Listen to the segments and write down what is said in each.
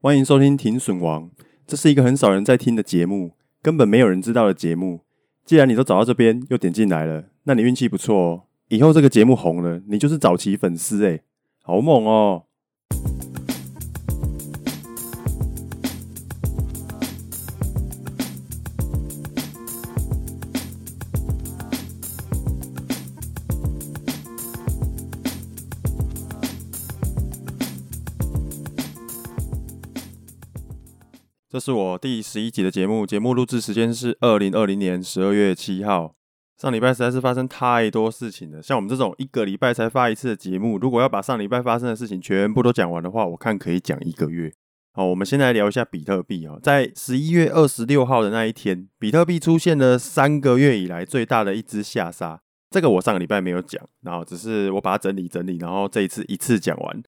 歡迎收聽《停損王》，這是一個很少人在聽的節目，根本沒有人知道的節目。既然你都找到這邊又點進來了，那你運氣不錯哦。以後這個節目紅了，你就是早期粉絲誒。好猛哦！這是我第十一集的節目，節目錄製時間是二零二零年十二月七號。上禮拜實在是發生太多事情了，像我們這種一個禮拜才發一次的節目，如果要把上禮拜發生的事情全部都講完的話，我看可以講一個月。好，我們先來聊一下比特幣哦，在十一月二十六號的那一天，比特幣出現了三個月以來最大的一隻下殺，這個我上個禮拜沒有講，然後只是我把它整理整理，然後這一次一次講完。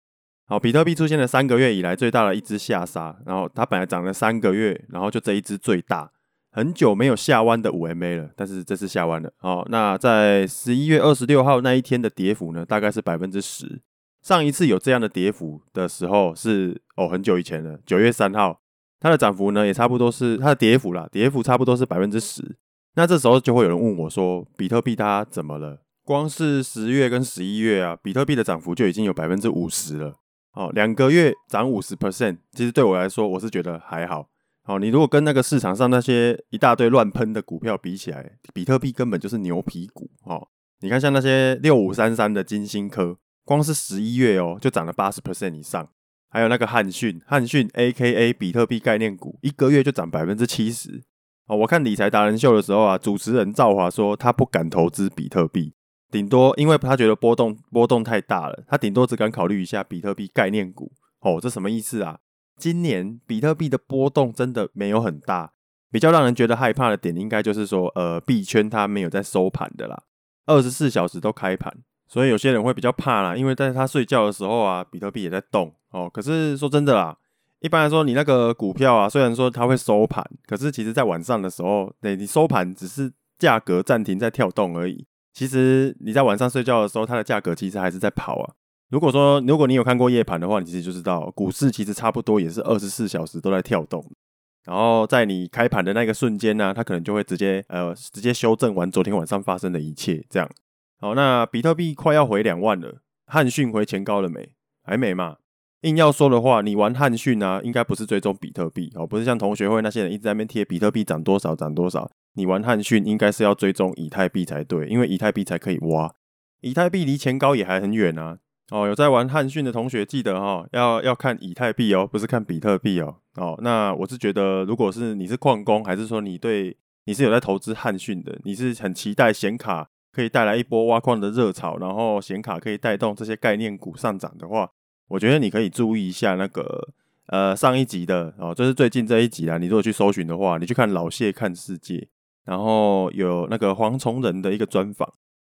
好，比特幣出現了三個月以來最大的一支下殺。然後它本來漲了三個月，然後就這一支最大，很久沒有下彎的五 MA 了。但是這次下彎了。好，那在十一月二十六號那一天的跌幅呢，大概是百分之十。上一次有這樣的跌幅的時候是哦，很久以前了，九月三號，它的漲幅呢也差不多是它的跌幅啦，跌幅差不多是百分之十。那這時候就會有人問我說，比特幣它怎麼了？光是十月跟十一月啊，比特幣的漲幅就已經有百分之五十了。哦，兩個月漲五十 percent，其實對我來說，我是覺得還好。哦，你如果跟那個市場上那些一大堆亂噴的股票比起來，比特幣根本就是牛皮股。哦，你看像那些六五三三的晶心科，光是十一月哦就漲了八十 percent 以上，還有那個撼訊，撼訊 aka 比特幣概念股，一個月就漲百分之七十。哦，我看理財達人秀的時候啊，主持人趙華說他不敢投資比特幣。頂多，因為他覺得波動波動太大了，他頂多只敢考慮一下比特幣概念股。哦，這什麼意思啊？今年比特幣的波動真的沒有很大，比較讓人覺得害怕的點，應該就是說，呃，幣圈它沒有在收盤的啦，二十四小時都開盤，所以有些人會比較怕啦，因為在他睡覺的時候啊，比特幣也在動。哦，可是說真的啦，一般來說，你那個股票啊，雖然說它會收盤，可是其實在晚上的時候，對你收盤只是價格暫停在跳動而已，其實你在晚上睡覺的時候，它的價格其實還是在跑啊。如果說，如果你有看過夜盤的話，你其實就知道，股市其實差不多也是二十四小時都在跳動。然後在你開盤的那個瞬間呢、啊，它可能就會直接呃直接修正完昨天晚上發生的一切，這樣。好，那比特幣快要回兩萬了，漢訊回前高了沒？還沒嘛？硬要說的話，你玩撼訊啊，應該不是追蹤比特幣哦，不是像同學會那些人一直在那邊貼比特幣漲多少漲多少。你玩撼訊應該是要追蹤以太幣才對，因為以太幣才可以挖。以太幣離前高也還很遠啊。哦，有在玩撼訊的同學記得哈、哦，要要看以太幣哦，不是看比特幣哦。哦，那我是覺得，如果是你是礦工，還是說你對你是有在投資撼訊的，你是很期待顯卡可以帶來一波挖礦的熱潮，然後顯卡可以帶動這些概念股上漲的話。我覺得你可以注意一下那個，呃，上一集的哦，就是最近這一集啦。你如果去搜尋的話，你去看老謝看世界，然後有那個黃崇仁的一個專訪。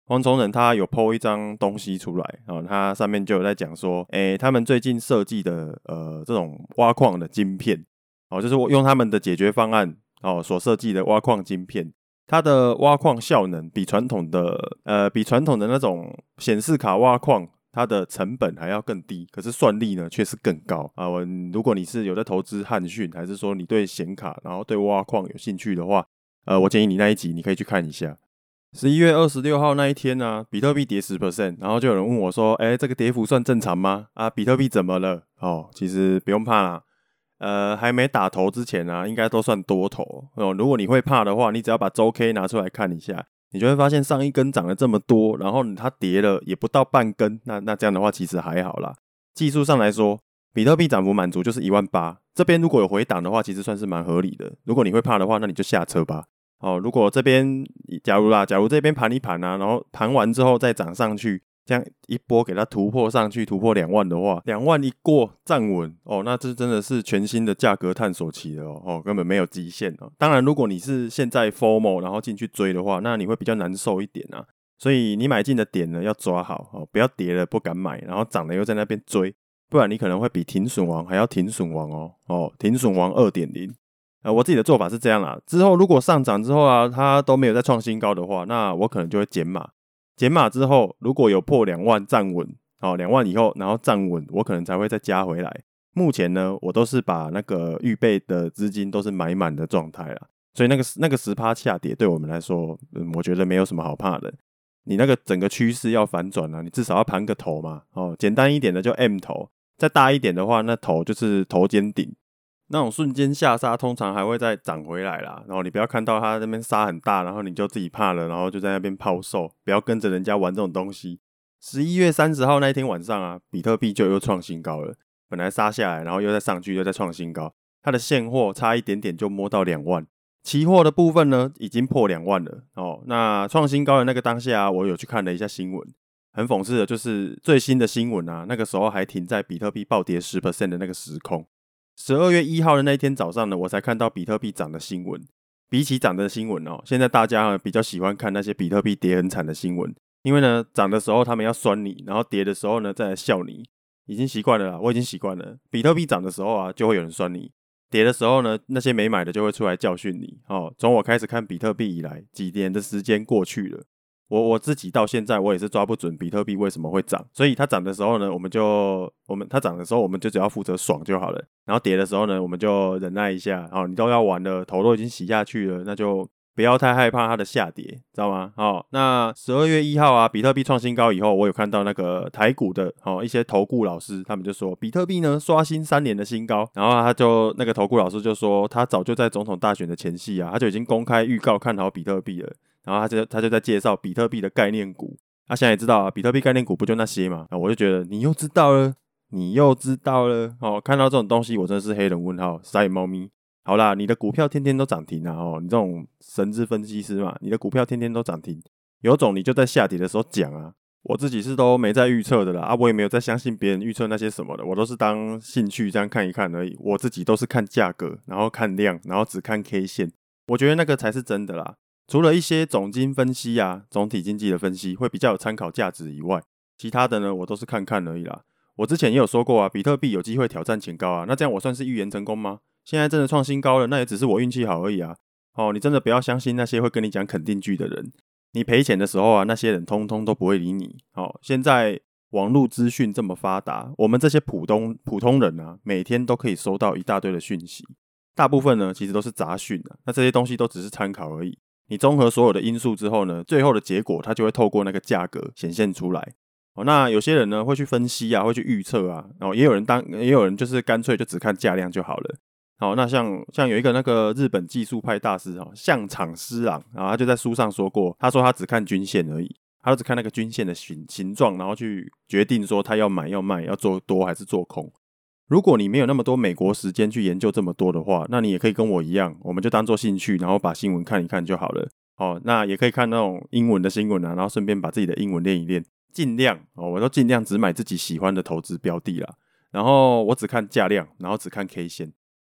黃崇仁他有拋一張東西出來，哦，他上面就有在講說，誒，他們最近設計的，呃，這種挖礦的晶片，哦，就是用他們的解決方案，哦，所設計的挖礦晶片，它的挖礦效能比傳統的，呃，比傳統的那種顯示卡挖礦。它的成本還要更低，可是算力呢卻是更高啊，呃！如果你是有在投資漢訊，還是說你對顯卡然後對挖礦有興趣的話，呃，我建議你那一集你可以去看一下。十一月二十六號那一天呢，啊，比特幣跌十 percent，然後就有人問我說，哎，這個跌幅算正常嗎？啊，比特幣怎麼了？哦，其實不用怕啦，呃，還沒打頭之前呢，啊，應該都算多頭。哦，如果你會怕的話，你只要把周 K 拿出來看一下。你就會發現上一根漲了這麼多，然後它跌了也不到半根，那那這樣的話其實還好啦。技術上來說，比特幣漲幅滿足就是一萬八，這邊如果有回檔的話，其實算是蠻合理的。如果你會怕的話，那你就下車吧。哦，如果這邊，假如啦，假如這邊盤一盤啊，然後盤完之後再漲上去，這樣一波給它突破上去，突破兩萬的話，兩萬一過站穩哦，那這真的是全新的價格探索期了哦，根本沒有極限哦。當然，如果你是現在 FOMO 然後進去追的話，那你會比較難受一點啊。所以你買進的點呢要抓好哦，不要跌了不敢買，然後漲了又在那邊追，不然你可能會比停損王還要停損王哦哦，停損王二點零啊。我自己的做法是這樣啦、啊，之後如果上漲之後啊，它都沒有再創新高的話，那我可能就會減碼。減碼之後，如果有破兩萬站穩，好、哦、兩萬以後，然後站穩，我可能才會再加回來。目前呢，我都是把那個預備的資金都是買滿的狀態了，所以那個那個十趴下跌對我們來說，嗯，我覺得沒有什麼好怕的。你那個整個趨勢要反轉了、啊，你至少要盤個頭嘛，哦，簡單一點的就 M 頭，再大一點的話，那頭就是頭肩頂。那種瞬間下殺，通常還會再漲回來啦。然後你不要看到它那邊殺很大，然後你就自己怕了，然後就在那邊拋售。不要跟着人家玩這種東西。十一月三十號那一天晚上啊，比特幣就又創新高了。本來殺下來，然後又再上去，又再創新高。它的現貨差一點點就摸到兩萬，期貨的部分呢已經破兩萬了。哦，那創新高的那個當下啊，我有去看了一下新聞，很諷刺的就是最新的新聞啊，那個時候還停在比特幣暴跌十 percent 的那個時空。十二月一號的那一天早上呢，我才看到比特幣漲的新聞。比起漲的新聞哦，現在大家比較喜歡看那些比特幣跌很慘的新聞，因為呢漲的時候他們要酸你，然後跌的時候呢再來笑你，已經習慣了啦，我已經習慣了。比特幣漲的時候啊就會有人酸你，跌的時候呢那些沒買的就會出來教訓你。哦，從我開始看比特幣以來，幾年的時間過去了。我我自己到現在我也是抓不準比特幣為什麼會漲，所以它漲的時候呢，我們就我們它漲的時候我們就只要負責爽就好了。然後跌的時候呢，我們就忍耐一下。哦，你都要完了，頭都已經洗下去了，那就不要太害怕它的下跌，知道嗎？哦，那十二月一號啊，比特幣創新高以後，我有看到那個台股的哦一些投顧老師，他們就說比特幣呢刷新三年的新高，然後他就那個投顧老師就說他早就在總統大選的前夕啊，他就已經公開預告看好比特幣了。然後他就他就在介紹比特幣的概念股，啊，現在也知道啊，比特幣概念股不就那些嘛？啊，我就覺得你又知道了，你又知道了哦。看到這種東西，我真是黑人問號，傻眼貓咪。好啦，你的股票天天都漲停啦，啊！哦，你這種神之分析師嘛，你的股票天天都漲停，有種你就在下跌的時候講啊！我自己是都沒在預測的啦，啊，我也沒有在相信別人預測那些什麼的，我都是當興趣這樣看一看而已。我自己都是看價格，然後看量，然後只看 K 線，我覺得那個才是真的啦。除了一些總經分析啊，總體經濟的分析會比較有參考價值以外，其他的呢，我都是看看而已啦。我之前也有說過啊，比特幣有機會挑戰前高啊，那這樣我算是預言成功嗎？現在真的創新高了，那也只是我運氣好而已啊。哦，你真的不要相信那些會跟你講肯定句的人。你賠錢的時候啊，那些人通通都不會理你。哦，現在網絡資訊這麼發達，我們這些普通普通人啊，每天都可以收到一大堆的訊息，大部分呢其實都是雜訊的啊，那這些東西都只是參考而已。你綜合所有的因素之後呢，最後的結果它就會透過那個價格顯現出來。哦，那有些人呢會去分析啊，會去預測啊，然後也有人當，也有人就是乾脆就只看價量就好了。好，那像像有一個那個日本技術派大師哦，相場師朗啊，他就在書上說過，他說他只看均線而已，他只看那個均線的形形狀，然後去決定說他要買要賣要做多還是做空。如果你沒有那麼多美國時間去研究這麼多的話，那你也可以跟我一樣，我們就當做興趣，然後把新聞看一看就好了。好、哦，那也可以看那種英文的新聞啊，然後順便把自己的英文練一練。儘量哦，我都儘量只買自己喜歡的投資標的啦。然後我只看價量，然後只看 K 線，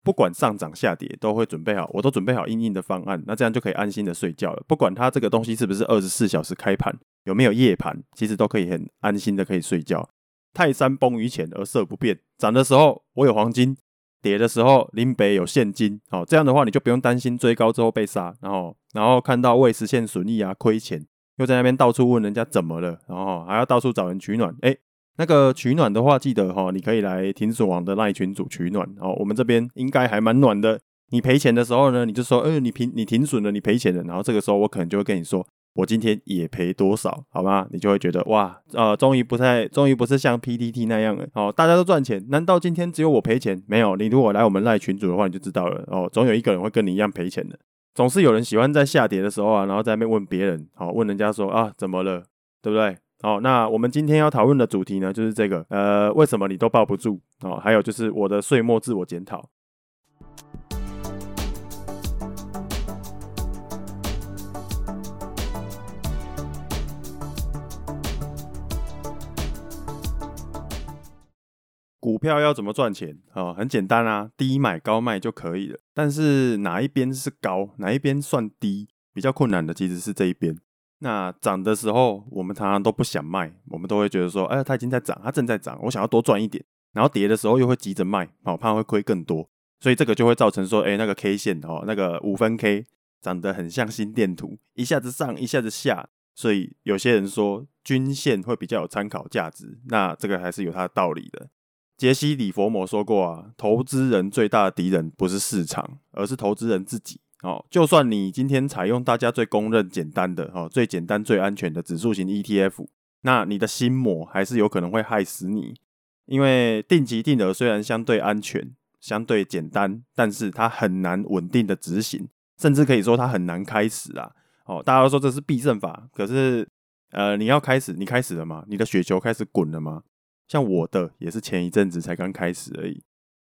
不管上漲下跌，都會準備好，我都準備好因應的方案，那這樣就可以安心的睡覺了。不管它這個東西是不是二十四小時開盤，有沒有夜盤，其實都可以很安心的可以睡覺。泰山崩於前而色不變，漲的時候我有黃金，跌的時候林北有現金，哦，這樣的話你就不用擔心追高之後被殺，然後然後看到未實現損益啊虧錢，又在那邊到處問人家怎麼了，然後還要到處找人取暖。哎、欸，那個取暖的話，記得哈，你可以來停損王的那一群組取暖，哦，我們這邊應該還蠻暖的。你賠錢的時候呢，你就說，哎、欸，你平你停損了，你賠錢了，然後這個時候我可能就會跟你說。我今天也賠多少，好嗎？你就會覺得哇，呃，終於不再，終於不是像 PTT 那樣了。哦，大家都賺錢，難道今天只有我賠錢？沒有，你如果來我們賴群組的話，你就知道了。哦，總有一個人會跟你一樣賠錢的。總是有人喜歡在下跌的時候啊，然後在那邊問別人，好、哦，問人家說啊，怎麼了，對不對？好、哦，那我們今天要討論的主題呢，就是這個，呃，為什麼你都抱不住？哦，還有就是我的歲末自我檢討。股票要怎麼賺錢啊、哦？很簡單啊，低買高賣就可以了。但是哪一邊是高，哪一邊算低，比較困難的其實是這一邊。那漲的時候，我們常常都不想賣，我們都會覺得說，哎、欸，它已經在漲，它正在漲，我想要多賺一點。然後跌的時候又會急着賣、哦，怕會虧更多。所以這個就會造成說，哎、欸，那個 K 線哦，那個五分 K 長得很像心電圖，一下子上，一下子下。所以有些人說均線會比較有參考價值，那這個還是有它的道理的。杰西·里佛摩說過啊，投資人最大的敵人不是市場，而是投資人自己。哦，就算你今天採用大家最公認、簡單的、哦，最簡單、最安全的指數型 ETF，那你的心魔還是有可能會害死你。因為定期定額雖然相對安全、相對簡單，但是它很難穩定的執行，甚至可以說它很難開始啊。哦，大家都說這是必勝法，可是呃，你要開始，你開始了嗎？你的雪球開始滾了嗎？像我的也是前一陣子才剛開始而已。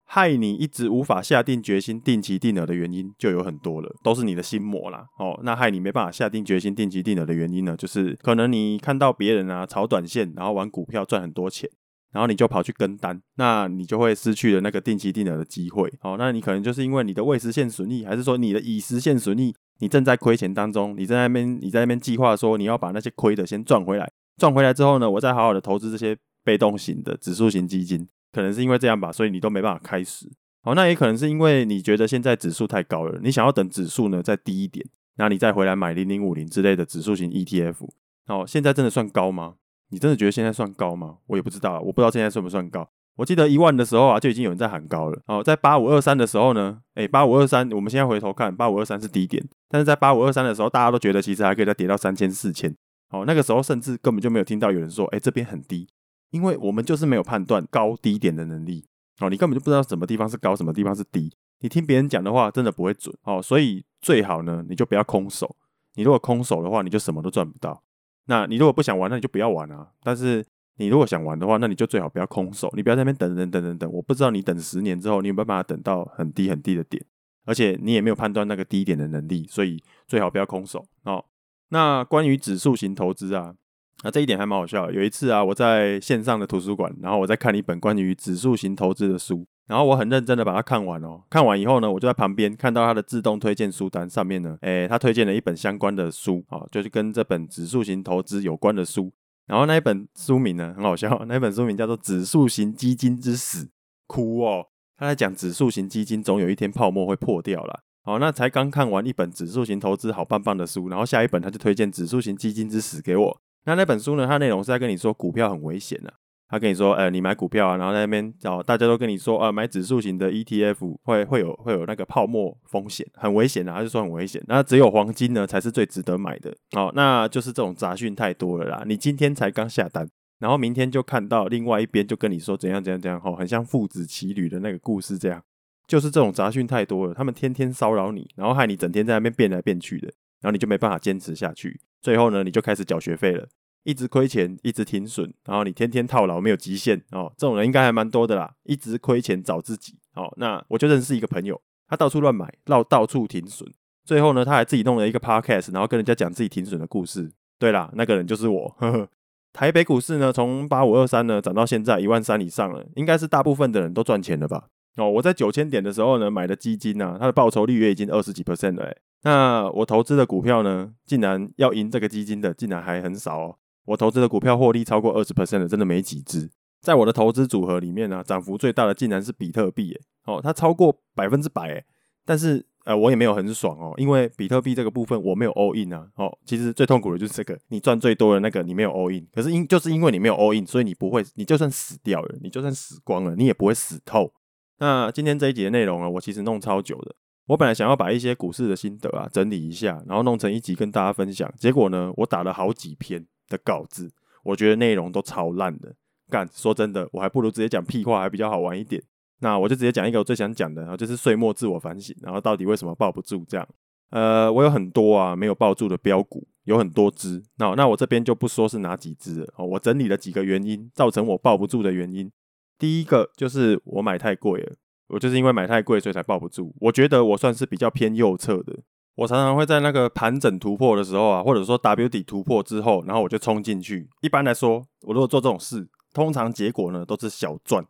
害你一直無法下定決心定期定額的原因就有很多了，都是你的心魔啦。哦，那害你沒辦法下定決心定期定額的原因呢，就是可能你看到別人啊炒短線，然後玩股票賺很多錢，然後你就跑去跟單，那你就會失去了那個定期定額的機會。哦，那你可能就是因為你的未實現損益，還是說你的已實現損益，你正在虧錢當中，你在那邊你在那邊計劃說你要把那些虧的先賺回來，賺回來之後呢，我再好好的投資這些。被動型的指數型基金，可能是因為這樣吧，所以你都沒辦法開始。好，那也可能是因為你覺得現在指數太高了，你想要等指數呢再低一點，那你再回來買零零五零之類的指數型 ETF。好，現在真的算高嗎？你真的覺得現在算高嗎？我也不知道，我不知道現在算不算高。我記得一萬的時候啊，就已經有人在喊高了。好，在八五二三的時候呢，哎、欸，八五二三，我們現在回頭看，八五二三是低點，但是在八五二三的時候，大家都覺得其實還可以再跌到三千四千。好，那個時候甚至根本就沒有聽到有人說，哎、欸，這邊很低。因為我們就是沒有判斷高低點的能力哦，你根本就不知道什麼地方是高，什麼地方是低。你聽別人講的話，真的不會準哦。所以最好呢，你就不要空手。你如果空手的話，你就什麼都賺不到。那你如果不想玩，那你就不要玩啊。但是你如果想玩的話，那你就最好不要空手。你不要在那邊等等等等等，我不知道你等十年之後，你有沒有辦法等到很低很低的點，而且你也沒有判斷那個低點的能力，所以最好不要空手哦。那關於指數型投資啊。那、啊、這一點還蠻好笑的。有一次啊，我在線上的圖書館，然後我在看一本關於指數型投資的書，然後我很認真的把它看完哦。看完以後呢，我就在旁邊看到它的自動推薦書單上面呢，誒，它推薦了一本相關的書，哦，就是跟這本指數型投資有關的書。然後那一本書名呢，很好笑，哦，那一本書名叫做《指數型基金之死》，哭哦！它在講指數型基金總有一天泡沫會破掉啦。好，哦，那才剛看完一本指數型投資好棒棒的書，然後下一本他就推薦《指數型基金之死》給我。那那本書呢？它內容是在跟你說股票很危險啊，他跟你說，呃，你買股票啊，然後在那邊找、哦、大家都跟你說啊、呃，買指數型的 ETF 會會有會有那個泡沫風險，很危險啊，他就說很危險。那只有黃金呢才是最值得買的。好、哦，那就是這種雜訊太多了啦。你今天才剛下單，然後明天就看到另外一邊就跟你說怎樣怎樣怎樣，吼，很像父子騎驢的那個故事這樣。就是這種雜訊太多了，他們天天騷擾你，然後害你整天在那邊變來變去的。然後你就沒辦法堅持下去，最後呢，你就開始繳學費了，一直虧錢，一直停損，然後你天天套牢，沒有極限哦。這種人應該還蠻多的啦，一直虧錢找自己哦。那我就認識一個朋友，他到處亂買，到處停損，最後呢，他還自己弄了一個 podcast，然後跟人家講自己停損的故事。對啦，那個人就是我。呵呵。台北股市呢，從八五二三呢漲到現在一萬三以上了，應該是大部分的人都賺錢了吧？哦，我在九千點的時候呢買的基金呢，啊，它的報酬率也已經二十幾 percent 了欸。那我投資的股票呢，竟然要贏這個基金的，竟然還很少哦。我投資的股票獲利超過二十%的，真的沒幾支。在我的投資組合裡面呢、啊，漲幅最大的竟然是比特幣耶，哦，它超過百分之百，耶，但是，呃，我也沒有很爽哦，因為比特幣這個部分我沒有 all in 啊。哦，其實最痛苦的就是這個，你賺最多的那個，你沒有 all in，可是因就是因為你沒有 all in，所以你不會，你就算死掉了，你就算死光了，你也不會死透。那今天這一集的內容呢、啊，我其實弄超久的。我本來想要把一些股市的心得啊整理一下，然後弄成一集跟大家分享。結果呢，我打了好幾篇的稿子，我覺得內容都超爛的。幹，說真的，我還不如直接講屁話還比較好玩一點。那我就直接講一個我最想講的，然後就是歲末自我反省，然後到底為什麼抱不住這樣。呃，我有很多啊沒有抱住的飆股，有很多支。那那我這邊就不說是哪幾支了，我整理了幾個原因，造成我抱不住的原因。第一個就是我買太貴了。我就是因為買太貴，所以才抱不住。我覺得我算是比較偏右側的。我常常會在那個盤整突破的時候啊，或者說 W 底突破之後，然後我就衝進去。一般來說，我如果做這種事，通常結果呢都是小賺。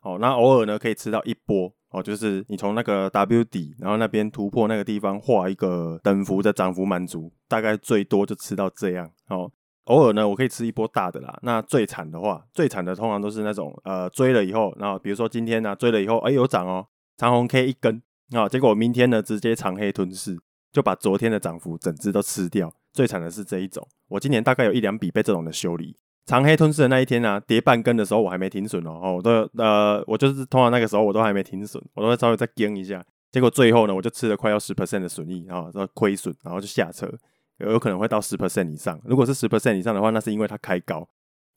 哦，那偶爾呢可以吃到一波。哦，就是你從那個 W 底，然後那邊突破那個地方畫一個等幅的漲幅滿足，大概最多就吃到這樣。哦。偶爾呢，我可以吃一波大的啦。那最慘的話，最慘的通常都是那種呃追了以後，然後比如說今天呢、啊、追了以後，哎、欸、有漲哦，長紅 K 一根啊、哦，結果明天呢直接長黑吞噬，就把昨天的漲幅整隻都吃掉。最慘的是這一種，我今年大概有一兩筆被這種的修理，長黑吞噬的那一天呢、啊，跌半根的時候我還沒停損哦，哦，我都呃我就是通常那個時候我都還沒停損，我都會稍微再跟一下，結果最後呢我就吃了快要十 percent 的損益，然後虧損，然後就下車。有有可能會到十 percent 以上，如果是十 percent 以上的話，那是因為它開高。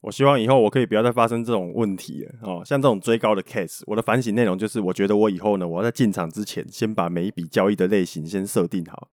我希望以後我可以不要再發生這種問題了哦。像這種追高的 case，我的反省內容就是，我覺得我以後呢，我要在進場之前先把每一筆交易的類型先設定好。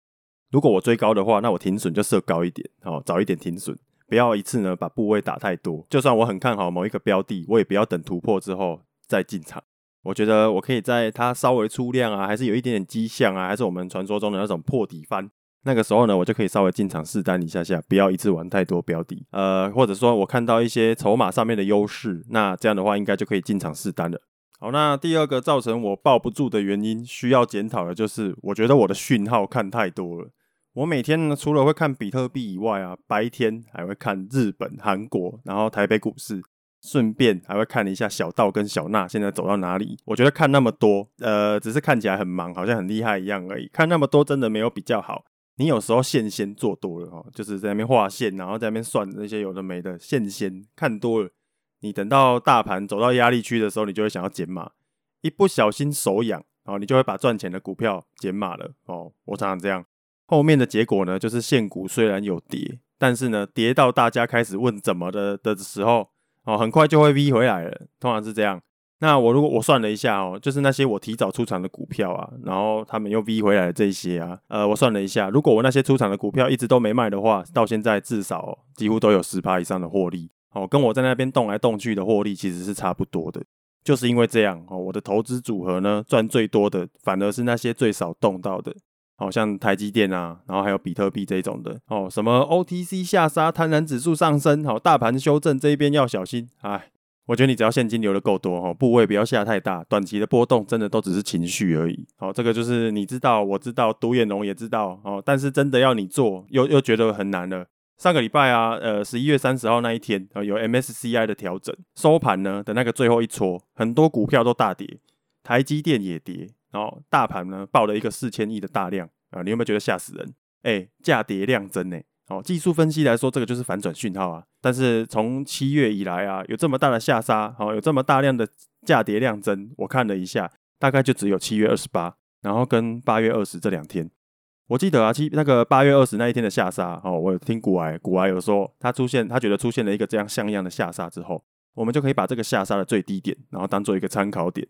如果我追高的話，那我停損就設高一點哦，早一點停損，不要一次呢把部位打太多。就算我很看好某一個標的，我也不要等突破之後再進場。我覺得我可以在它稍微出量啊，還是有一點點跡象啊，還是我們傳說中的那種破底翻。那個時候呢，我就可以稍微進場試單一下下，不要一次玩太多標的。呃，或者說我看到一些籌碼上面的優勢，那這樣的話應該就可以進場試單了。好，那第二個造成我抱不住的原因需要檢討的，就是我覺得我的訊號看太多了。我每天呢，除了會看比特幣以外啊，白天還會看日本、韓國，然後台北股市，順便還會看一下小道跟小那現在走到哪裡。我覺得看那麼多，呃，只是看起來很忙，好像很厲害一樣而已。看那麼多真的沒有比較好。你有時候線先做多了哦，就是在那邊畫線，然後在那邊算那些有的沒的線先看多了，你等到大盤走到壓力區的時候，你就會想要減碼，一不小心手癢，然後你就會把賺錢的股票減碼了哦。我常常這樣，後面的結果呢，就是線股雖然有跌，但是呢，跌到大家開始問怎麼的的時候，哦，很快就會 V 回來了，通常是這樣。那我如果我算了一下哦，就是那些我提早出場的股票啊，然後他們又 V 回來的這些啊，呃，我算了一下，如果我那些出場的股票一直都沒賣的話，到現在至少、哦、幾乎都有十趴以上的獲利哦，跟我在那邊動來動去的獲利其實是差不多的。就是因為這樣哦，我的投資組合呢賺最多的反而是那些最少動到的，好、哦、像台積電啊，然後還有比特幣這種的哦，什麼 OTC 下殺，貪婪指數上升，好、哦，大盤修正這一邊要小心，哎。我覺得你只要現金流得夠多，哈，部位不要下太大，短期的波動真的都只是情緒而已。好、哦，這個就是你知道，我知道，獨眼龍也知道，哦，但是真的要你做，又又覺得很難了。上個禮拜啊，呃，十一月三十號那一天，呃、有 MSCI 的調整，收盤呢的那個最後一撮，很多股票都大跌，台積電也跌，然、哦、後大盤呢爆了一個四千億的大量，啊、呃，你有沒有覺得嚇死人？哎、欸，價跌量增呢、欸？好、哦，技術分析來說，這個就是反轉訊號啊。但是從七月以來啊，有這麼大的下殺，好、哦，有這麼大量的價跌量增。我看了一下，大概就只有七月二十八，然後跟八月二十這兩天。我記得啊，七那個八月二十那一天的下殺，哦，我有聽股癌股癌有說，他出現，他覺得出現了一個這樣像樣的下殺之後，我們就可以把這個下殺的最低點，然後當做一個參考點。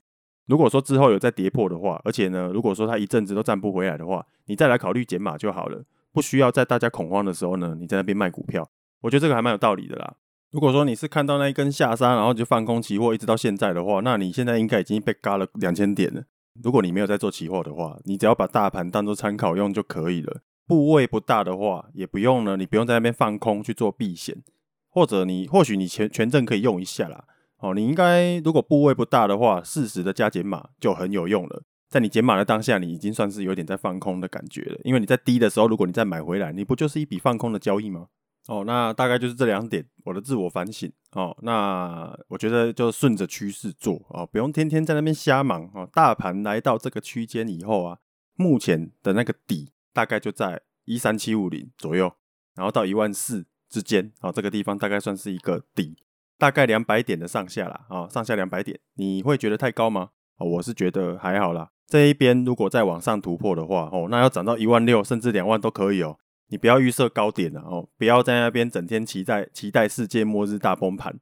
如果說之後有再跌破的話，而且呢，如果說他一陣子都站不回來的話，你再來考慮減碼就好了。不需要在大家恐慌的時候呢，你在那邊賣股票，我覺得這個還蠻有道理的啦。如果說你是看到那一根下殺，然後你就放空期貨，一直到現在的話，那你現在應該已經被嘎了兩千點了。如果你沒有在做期貨的話，你只要把大盤當做參考用就可以了。部位不大的話，也不用呢，你不用在那邊放空去做避險，或者你或許你權權證可以用一下啦。哦，你應該如果部位不大的話，適時的加減碼就很有用了。在你減碼的當下，你已經算是有點在放空的感覺了，因為你在低的時候，如果你再買回來，你不就是一筆放空的交易嗎？哦，那大概就是這兩點我的自我反省哦。那我覺得就順着趨勢做啊、哦，不用天天在那邊瞎忙啊、哦。大盤來到這個區間以後啊，目前的那個底大概就在一三七五零左右，然後到一萬四之間啊、哦，這個地方大概算是一個底，大概兩百點的上下啦啊、哦，上下兩百點，你會覺得太高嗎？哦，我是覺得還好啦。這一邊如果再往上突破的話，哦，那要漲到一萬六甚至兩萬都可以哦。你不要預設高點了、啊、哦，不要在那邊整天期待期待世界末日大崩盤。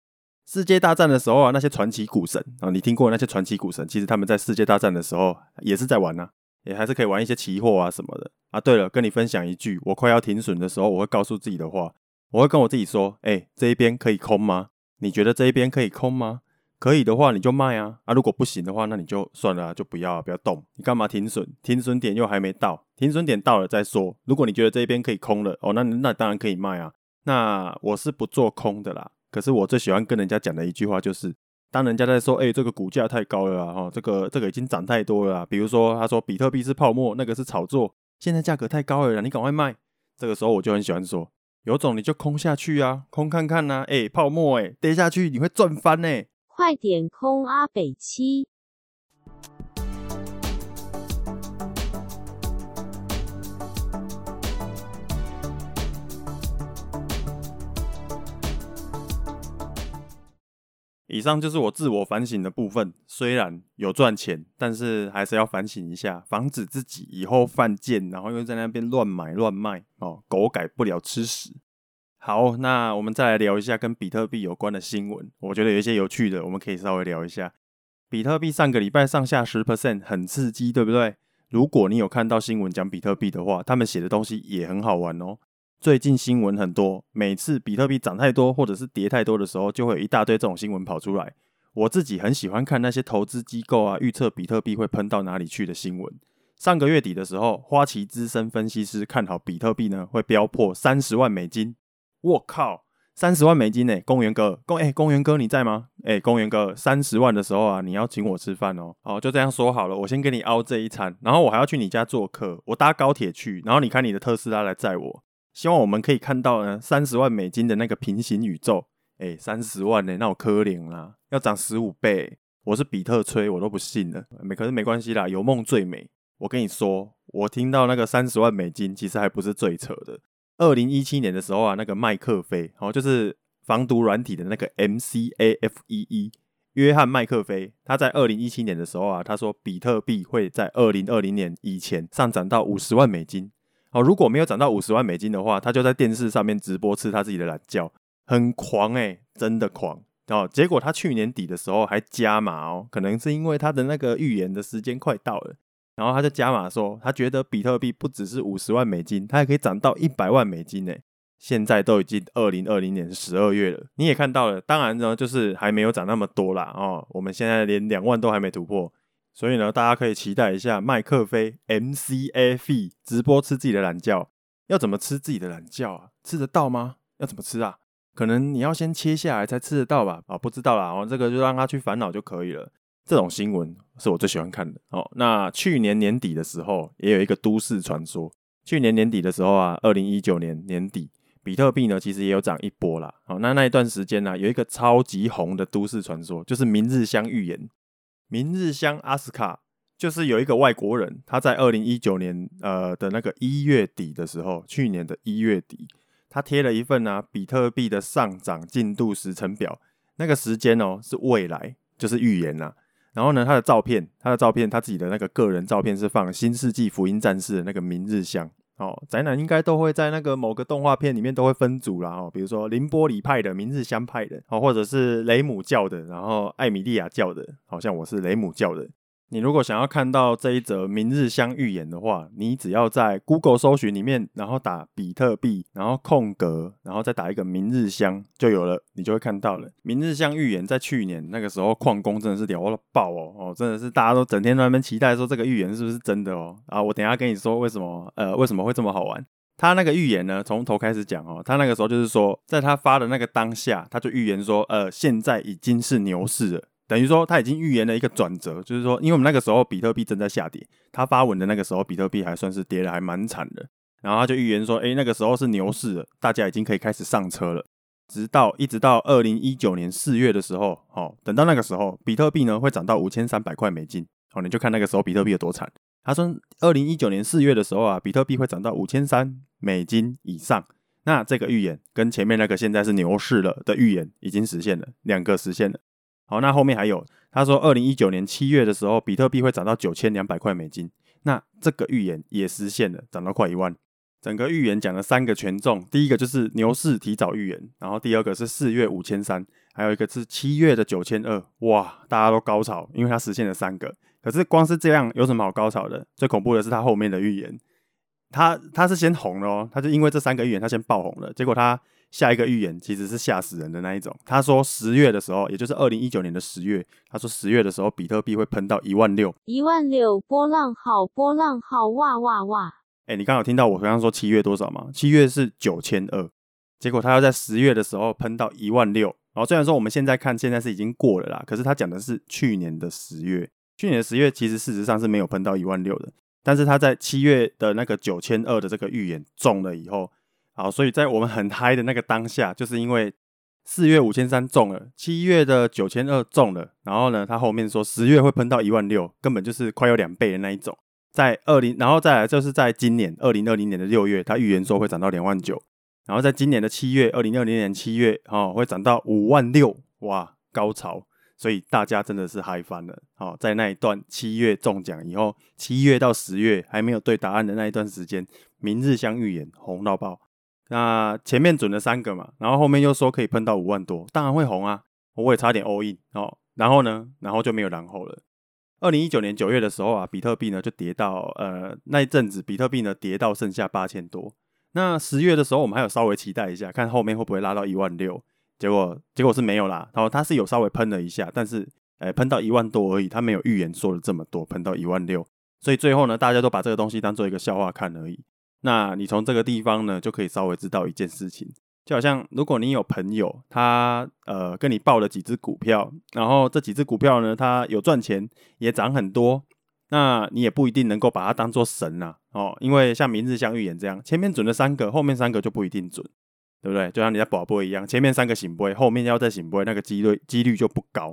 世界大戰的時候啊，那些傳奇股神啊，你聽過的那些傳奇股神，其實他們在世界大戰的時候也是在玩吶、啊，也還是可以玩一些期貨啊什麼的啊。對了，跟你分享一句，我快要停損的時候，我會告訴自己的話，我會跟我自己說：“哎、欸，這一邊可以空嗎？你覺得這一邊可以空嗎？”可以的話，你就賣啊啊！如果不行的話，那你就算了，就不要、啊、不要動。你幹嘛停損？停損點又還沒到，停損點到了再說。如果你覺得這邊可以空了哦，那那你當然可以賣啊。那我是不做空的啦。可是我最喜歡跟人家講的一句話就是，當人家在說，哎、欸，這個股價太高了啊、哦，這個這個已經漲太多了啦。比如說他說比特幣是泡沫，那個是炒作，現在價格太高了啦，你趕快賣。這個時候我就很喜歡說，有種你就空下去啊，空看看吶、啊，哎、欸，泡沫哎、欸，跌下去你會賺翻呢、欸。快點空阿、啊、北七！以上就是我自我反省的部分。雖然有賺錢，但是還是要反省一下，防止自己以後犯賤，然後又在那邊亂買亂賣哦。狗改不了吃屎。好，那我們再來聊一下跟比特幣有關的新聞。我覺得有一些有趣的，我們可以稍微聊一下。比特幣上個禮拜上下十 percent 很刺激，對不對？如果你有看到新聞講比特幣的話，他們寫的東西也很好玩哦。最近新聞很多，每次比特幣漲太多或者是跌太多的時候，就會有一大堆這種新聞跑出來。我自己很喜歡看那些投資機構啊，預測比特幣會噴到哪裡去的新聞。上個月底的時候，花旗資深分析師看好比特幣呢，會飆破三十萬美金。我靠，三十萬美金呢、欸，公園哥公、欸、公園哥你在嗎？哎、欸，公園哥，三十萬的時候啊，你要請我吃飯哦。好，就這樣說好了，我先給你熬這一餐，然後我還要去你家做客，我搭高鐵去，然後你開你的特斯拉來載我。希望我們可以看到呢，三十萬美金的那個平行宇宙。哎、欸，三十萬呢、欸，那我可憐啦、啊，要漲十五倍，我是比特吹，我都不信了。沒，可是沒關係啦，有夢最美。我跟你說，我聽到那個三十萬美金，其實還不是最扯的。二零一七年的時候啊，那個麥克菲哦，就是防毒軟體的那個 McAfee，約翰麥克菲，他在二零一七年的時候啊，他說比特幣會在二零二零年以前上漲到五十萬美金。哦，如果沒有漲到五十萬美金的話，他就在電視上面直播吃他自己的覽叫，很狂欸，真的狂。哦，結果他去年底的時候還加碼哦，可能是因為他的那個預言的時間快到了。然後他就加碼說，他覺得比特幣不只是五十萬美金，他還可以漲到一百萬美金呢。現在都已經二零二零年十二月了，你也看到了。當然呢，就是還沒有漲那麼多啦哦。我們現在連兩萬都還沒突破，所以呢，大家可以期待一下麥克菲 McAfee 直播吃自己的懶覺，要怎麼吃自己的懶覺啊？吃得到嗎？要怎麼吃啊？可能你要先切下來才吃得到吧？啊、哦，不知道啦。哦，這個就讓他去煩惱就可以了。這種新聞是我最喜歡看的。哦、那去年年底的時候，也有一個都市傳說。去年年底的時候啊，二零一九年年底，比特幣呢其實也有漲一波啦。好、哦，那那一段時間呢、啊，有一個超級紅的都市傳說，就是明日香預言。明日香阿斯卡就是有一個外國人，他在二零一九年呃的那個一月底的時候，去年的一月底，他貼了一份啊比特幣的上漲進度時程表。那個時間哦是未來，就是預言啦、啊。然後呢，他的照片，他的照片，他自己的那個個人照片是放《新世紀福音戰士》的那個明日香。哦，宅男應該都會在那個某個動畫片裡面都會分組啦哦，比如說《林波里派》的、《明日香派》的，哦，或者是雷姆教的，然後艾米莉亞教的，好像我是雷姆教的。你如果想要看到這一則明日香預言的話，你只要在 Google 搜尋裡面，然後打比特幣，然後空格，然後再打一個明日香，就有了，你就會看到了。明日香預言在去年那個時候，礦工真的是屌爆了哦，哦，真的是大家都整天都在那邊期待說這個預言是不是真的哦？啊，我等一下跟你說為什麼，呃，為什麼會這麼好玩？他那個預言呢，從頭開始講哦，他那個時候就是說，在他發的那個當下，他就預言說，呃，現在已經是牛市了。等於說他已經預言了一個轉折，就是說，因為我們那個時候比特幣正在下跌，他發文的那個時候，比特幣還算是跌得還蠻慘的。然後他就預言說，哎，那個時候是牛市了，大家已經可以開始上車了。直到一直到二零一九年四月的時候，好，哦，等到那個時候，比特幣呢會漲到五千三百塊美金，好，哦，你就看那個時候比特幣有多慘。他說，二零一九年四月的時候啊，比特幣會漲到五千三美金以上。那這個預言跟前面那個現在是牛市了的預言已經實現了，兩個實現了。好，那後面還有，他說二零一九年七月的時候，比特幣會漲到九千兩百塊美金，那這個預言也實現了，漲到快一萬。整個預言講了三個權重，第一個就是牛市提早預言，然後第二個是四月五千三，還有一個是七月的九千二，哇，大家都高潮，因為它實現了三個。可是光是這樣有什麼好高潮的？最恐怖的是他後面的預言。他他是先紅了哦，他就因為這三個預言他先爆紅了。結果他下一個預言其實是嚇死人的那一種。他說十月的時候，也就是二零一九年的十月，他說十月的時候比特幣會噴到一萬六。一萬六，波浪號波浪號，哇哇哇！哎、欸，你剛有聽到我剛剛說七月多少嗎？七月是九千二。結果他要在十月的時候噴到一萬六。然後雖然說我們現在看現在是已經過了啦，可是他講的是去年的十月，去年的十月其實事實上是沒有噴到一萬六的。但是他在七月的那個九千二的這個預言中了以後，好，所以在我們很嗨的那個當下，就是因為四月五千三中了，七月的九千二中了，然後呢，他後面說十月會噴到一萬六，根本就是快要兩倍的那一種，在二零，然後再來就是在今年二零二零年的六月，他預言說會漲到兩萬九，然後在今年的七月，二零二零年七月，哈，會漲到五萬六，哇，高潮。所以大家真的是嗨翻了，好，哦，在那一段七月中獎以後，七月到十月還沒有對答案的那一段時間，明日相預言紅到爆。那前面準了三個嘛，然後後面又說可以噴到五萬多，當然會紅啊，我也差點 all in 哦，然後呢，然後就沒有然後了。二零一九年九月的時候啊，比特幣呢就跌到，呃，那一陣子比特幣呢跌到剩下八千多。那十月的時候，我們還有稍微期待一下，看後面會不會拉到一萬六。結果結果是沒有啦，然後他是有稍微噴了一下，但是，誒、呃、噴到一萬多而已，他沒有預言說的這麼多，噴到一萬六，所以最後呢，大家都把這個東西當做一個笑話看而已。那你從這個地方呢，就可以稍微知道一件事情，就好像如果你有朋友，他呃跟你報了幾隻股票，然後這幾隻股票呢，他有賺錢，也漲很多，那你也不一定能夠把它當作神吶、啊，哦，因為像名字像預言這樣，前面準了三個，後面三個就不一定準。對不對？就像你在博杯一樣，前面三個聖杯，後面要再聖杯，那個幾率幾率就不高，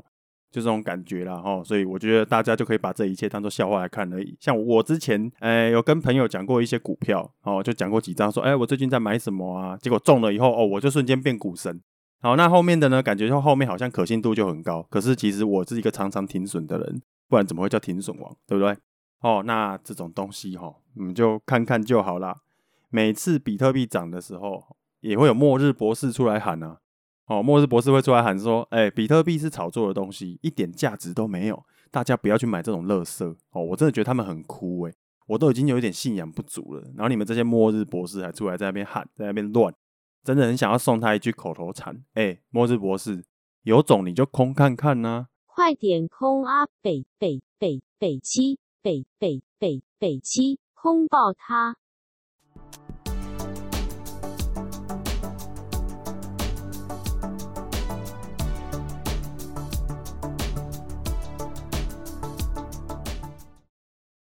就這種感覺了哈、哦。所以我覺得大家就可以把這一切當做笑話來看而已。像我之前，哎，有跟朋友講過一些股票，哦，就講過幾張，說，哎，我最近在買什麼啊？結果中了以後，哦，我就瞬間變股神。好、哦，那後面的呢？感覺就後面好像可信度就很高。可是其實我是一個常常停損的人，不然怎麼會叫停損王？對不對？哦，那這種東西哈、哦，我們就看看就好啦。每次比特幣漲的時候。也會有末日博士出來喊呢、啊，哦，末日博士會出來喊說，誒、欸、比特幣是炒作的東西，一點價值都沒有，大家不要去買這種垃圾哦。我真的覺得他們很枯萎、欸，我都已經有一點信仰不足了。然後你們這些末日博士還出來在那邊喊，在那邊亂，真的很想要送他一句口頭禪，誒、欸、末日博士，有種你就空看看吶、啊，快點空啊，北北北北七，北北北北七，空爆他！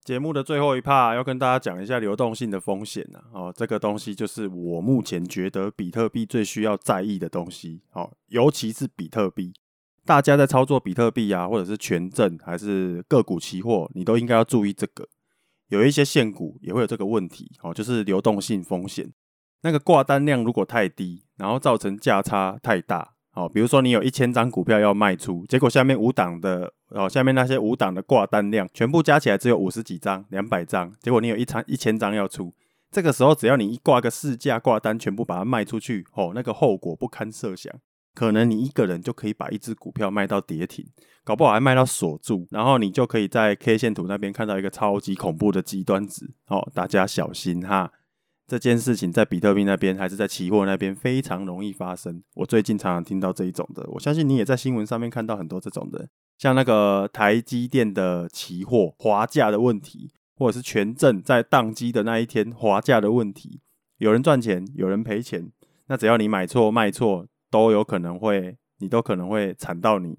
節目的最後一趴，要跟大家講一下流動性的風險、啊、哦，這個東西就是我目前覺得比特幣最需要在意的東西。哦、尤其是比特幣，大家在操作比特幣啊，或者是權證，還是個股期貨，你都應該要注意這個。有一些現股也會有這個問題、哦、就是流動性風險。那個掛單量如果太低，然後造成價差太大。哦、比如說你有一千張股票要賣出，結果下面五檔的。哦，下面那些五檔的掛單量全部加起來只有五十幾張、兩百張，結果你有一張、一千張要出，這個時候只要你一掛個市價掛單，全部把它賣出去，哦，那個後果不堪設想，可能你一個人就可以把一隻股票賣到跌停，搞不好還賣到鎖住，然後你就可以在 K 線圖那邊看到一個超級恐怖的極端值，哦，大家小心哈。這件事情在比特幣那邊還是在期貨那邊非常容易發生。我最近常常聽到這一種的，我相信你也在新聞上面看到很多這種的，像那個台積電的期貨滑價的問題，或者是權證在宕機的那一天滑價的問題，有人賺錢，有人賠錢。那只要你買錯賣錯，都有可能會，你都可能會慘到你。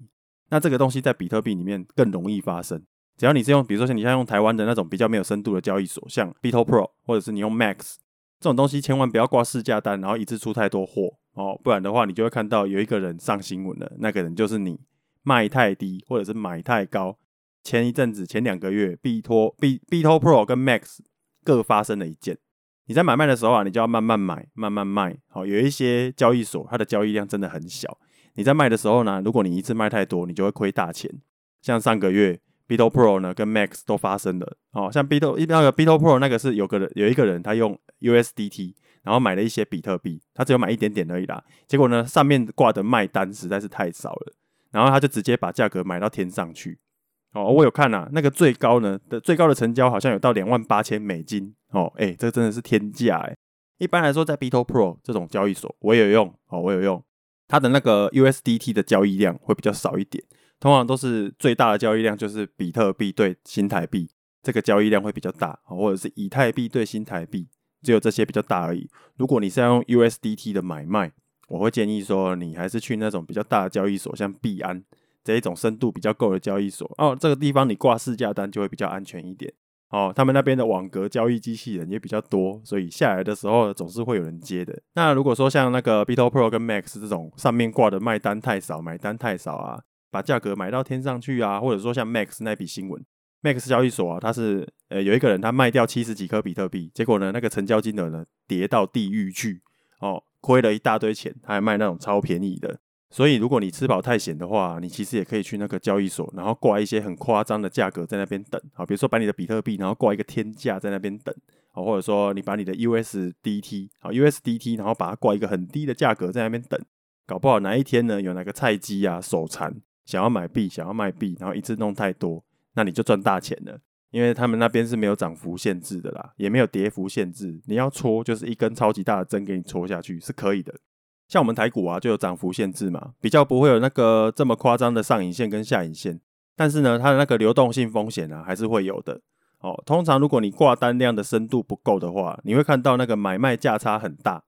那這個東西在比特幣裡面更容易發生，只要你是用，比如說像你像用台灣的那種比較沒有深度的交易所，像 BitoPro，或者是你用 Max。這種東西千萬不要掛市價單，然後一次出太多貨哦，不然的話你就會看到有一個人上新聞了，那個人就是你賣太低或者是買太高。前一陣子、前兩個月，BitoPro B BitoPro 跟 Max 各發生了一件。你在買賣的時候啊，你就要慢慢買、慢慢賣。好、哦，有一些交易所它的交易量真的很小，你在賣的時候呢，如果你一次賣太多，你就會虧大錢。像上個月。BitoPro 呢，跟 Max 都發生了哦，像 Bito 那個 BitoPro 那個是有個人有一個人，他用 USDT 然後買了一些比特幣，他只有買一點點而已啦。結果呢，上面掛的賣單實在是太少了，然後他就直接把價格買到天上去。哦，我有看了、啊，那個最高呢的最高的成交好像有到兩萬八千美金。哦，誒、欸，這真的是天價誒。一般來說，在 BitoPro 這種交易所，我也有用哦，我有用，它的那個 USDT 的交易量會比較少一點。通常都是最大的交易量就是比特幣對新台幣，這個交易量會比較大，或者是以太幣對新台幣，只有這些比較大而已。如果你是要用 USDT 的買賣，我會建議說你還是去那種比較大的交易所，像幣安這一種深度比較夠的交易所哦。這個地方你掛市價單就會比較安全一點哦。他們那邊的網格交易機器人也比較多，所以下來的時候總是會有人接的。那如果說像那個 BitoPro 跟 Max 這種上面掛的賣單太少，買單太少啊。把價格買到天上去啊，或者說像 Max 那筆新聞，Max 交易所啊，它是呃有一個人他賣掉七十幾顆比特幣，結果呢那個成交金額呢跌到地獄去哦，虧了一大堆錢，他還賣那種超便宜的。所以如果你吃飽太閒的話，你其實也可以去那個交易所，然後掛一些很誇張的價格在那邊等啊，比如說把你的比特幣然後掛一個天價在那邊等啊、哦，或者說你把你的 USDT 啊 USDT 然後把它掛一個很低的價格在那邊等，搞不好哪一天呢有哪個菜雞啊手殘。想要買幣，想要賣幣，然後一次弄太多，那你就賺大錢了，因為他們那邊是沒有漲幅限制的啦，也沒有跌幅限制，你要戳就是一根超級大的針給你戳下去是可以的。像我們台股啊，就有漲幅限制嘛，比較不會有那個這麼誇張的上影線跟下影線，但是呢，它的那個流動性風險啊還是會有的。哦，通常如果你掛單量的深度不夠的話，你會看到那個買賣價差很大。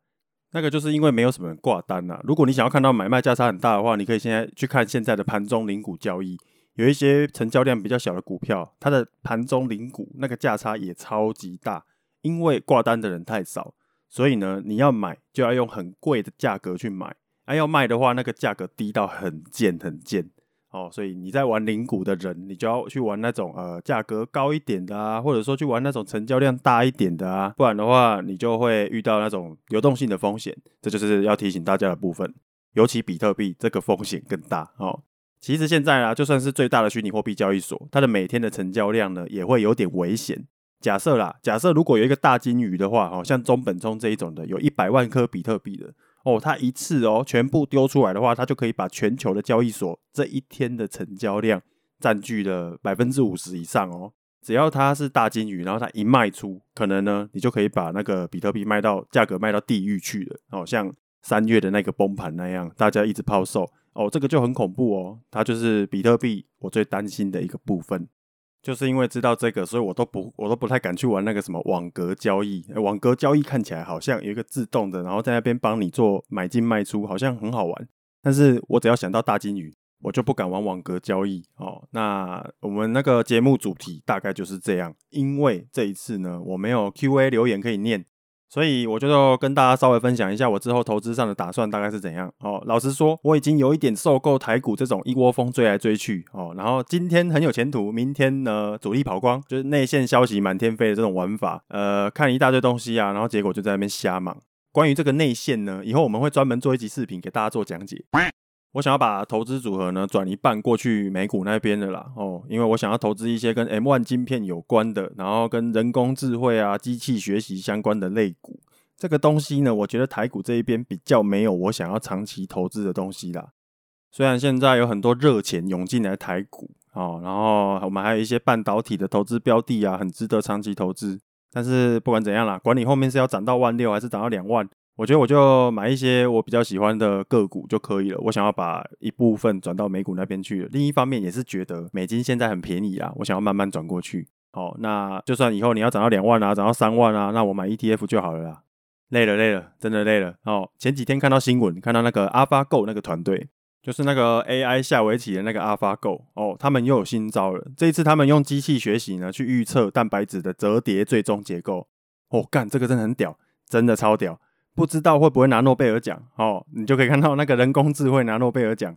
那個就是因為沒有什麼人掛單吶、啊。如果你想要看到買賣價差很大的話，你可以現在去看現在的盤中零股交易，有一些成交量比較小的股票，它的盤中零股那個價差也超級大，因為掛單的人太少，所以呢，你要買就要用很貴的價格去買，啊，要賣的話那個價格低到很賤很賤。哦，所以你在玩零股的人，你就要去玩那種呃價格高一點的啊，或者說去玩那種成交量大一點的啊，不然的話你就會遇到那種流動性的風險，這就是要提醒大家的部分。尤其比特幣這個風險更大哦。其實現在啊，就算是最大的虛擬貨幣交易所，它的每天的成交量呢也會有點危險。假設啦，假設如果有一個大鯨魚的話，哦，像中本聰這一種的，有一百萬顆比特幣的。哦，他一次哦全部丟出來的話，他就可以把全球的交易所這一天的成交量佔據了百分之五十以上哦。只要他是大鯨魚，然後他一賣出，可能呢你就可以把那個比特幣賣到價格賣到地獄去了。哦，像三月的那個崩盤那樣，大家一直拋售哦，這個就很恐怖哦。它就是比特幣我最擔心的一個部分。就是因為知道這個，所以我都不我都不太敢去玩那個什麼網格交易、欸。網格交易看起來好像有一個自動的，然後在那邊幫你做買進賣出，好像很好玩。但是我只要想到大鯨魚，我就不敢玩網格交易哦。那我們那個節目主題大概就是這樣。因為這一次呢，我沒有 Q&A 留言可以念。所以我就跟大家稍微分享一下我之後投資上的打算大概是怎樣哦。老實說，我已經有一點受夠台股這種一窩蜂追來追去哦，然後今天很有前途，明天呢、呃、主力跑光，就是內線消息滿天飛的這種玩法。呃，看一大堆東西啊，然後結果就在那邊瞎忙。關於這個內線呢，以後我們會專門做一集視頻給大家做講解。我想要把投資組合呢轉一半過去美股那邊的啦，哦，因為我想要投資一些跟 M1 芯片有關的，然後跟人工智慧啊、機器學習相關的類股。這個東西呢，我覺得台股這一邊比較沒有我想要長期投資的東西啦。雖然現在有很多熱錢湧進來台股，哦，然後我們還有一些半導體的投資標的啊，很值得長期投資。但是不管怎樣啦，管你後面是要漲到萬六還是漲到兩萬。我覺得我就買一些我比較喜歡的個股就可以了。我想要把一部分轉到美股那邊去了。另一方面也是覺得美金現在很便宜啊，我想要慢慢轉過去。好，哦，那就算以後你要漲到兩萬啊，漲到三萬啊，那我買 ETF 就好了啦。累了累了，真的累了。哦，前幾天看到新聞，看到那個 AlphaGo 那個團隊，就是那個 AI 下圍棋的那個 AlphaGo 哦，他們又有新招了。這一次他們用機器學習呢去預測蛋白質的折疊最終結構。哦，幹，這個真的很屌，真的超屌。不知道會不會拿諾貝爾獎？哦，你就可以看到那個人工智慧拿諾貝爾獎。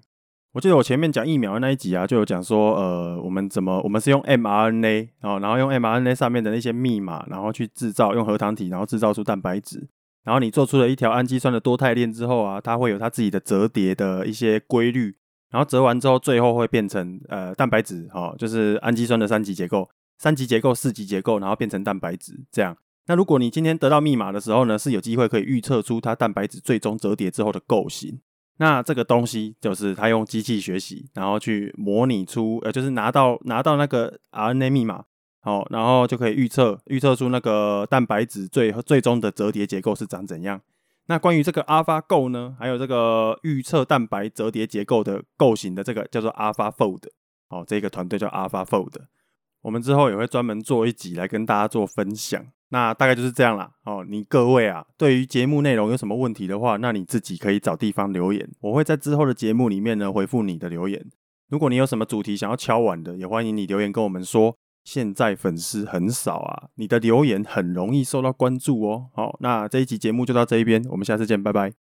我記得我前面講疫苗的那一集啊，就有講說，呃，我們怎麼我們是用 mRNA 哦，然後用 mRNA 上面的那些密碼，然後去製造用核糖體，然後製造出蛋白質。然後你做出了一條氨基酸的多肽鏈之後啊，它會有它自己的折疊的一些規律，然後折完之後，最後會變成呃蛋白質，哦，就是氨基酸的三級結構、三級結構、四級結構，然後變成蛋白質這樣。那如果你今天得到密碼的時候呢，是有機會可以預測出它蛋白質最終折疊之後的構型。那這個東西就是它用機器學習，然後去模擬出，呃，就是拿到拿到那個 RNA 密碼，好、哦，然後就可以預測預測出那個蛋白質最最終的折疊結構是長怎樣。那關於這個 AlphaGo 呢，還有這個預測蛋白折疊結構的構型的這個叫做 AlphaFold，好、哦，這個團隊叫 AlphaFold，我們之後也會專門做一集來跟大家做分享。那大概就是這樣啦。哦，你各位啊，對於節目內容有什麼問題的話，那你自己可以找地方留言，我會在之後的節目裡面呢回復你的留言。如果你有什麼主題想要敲碗的，也歡迎你留言跟我們說。現在粉絲很少啊，你的留言很容易受到關注哦。好、哦，那這一集節目就到這一邊，我們下次見，拜拜。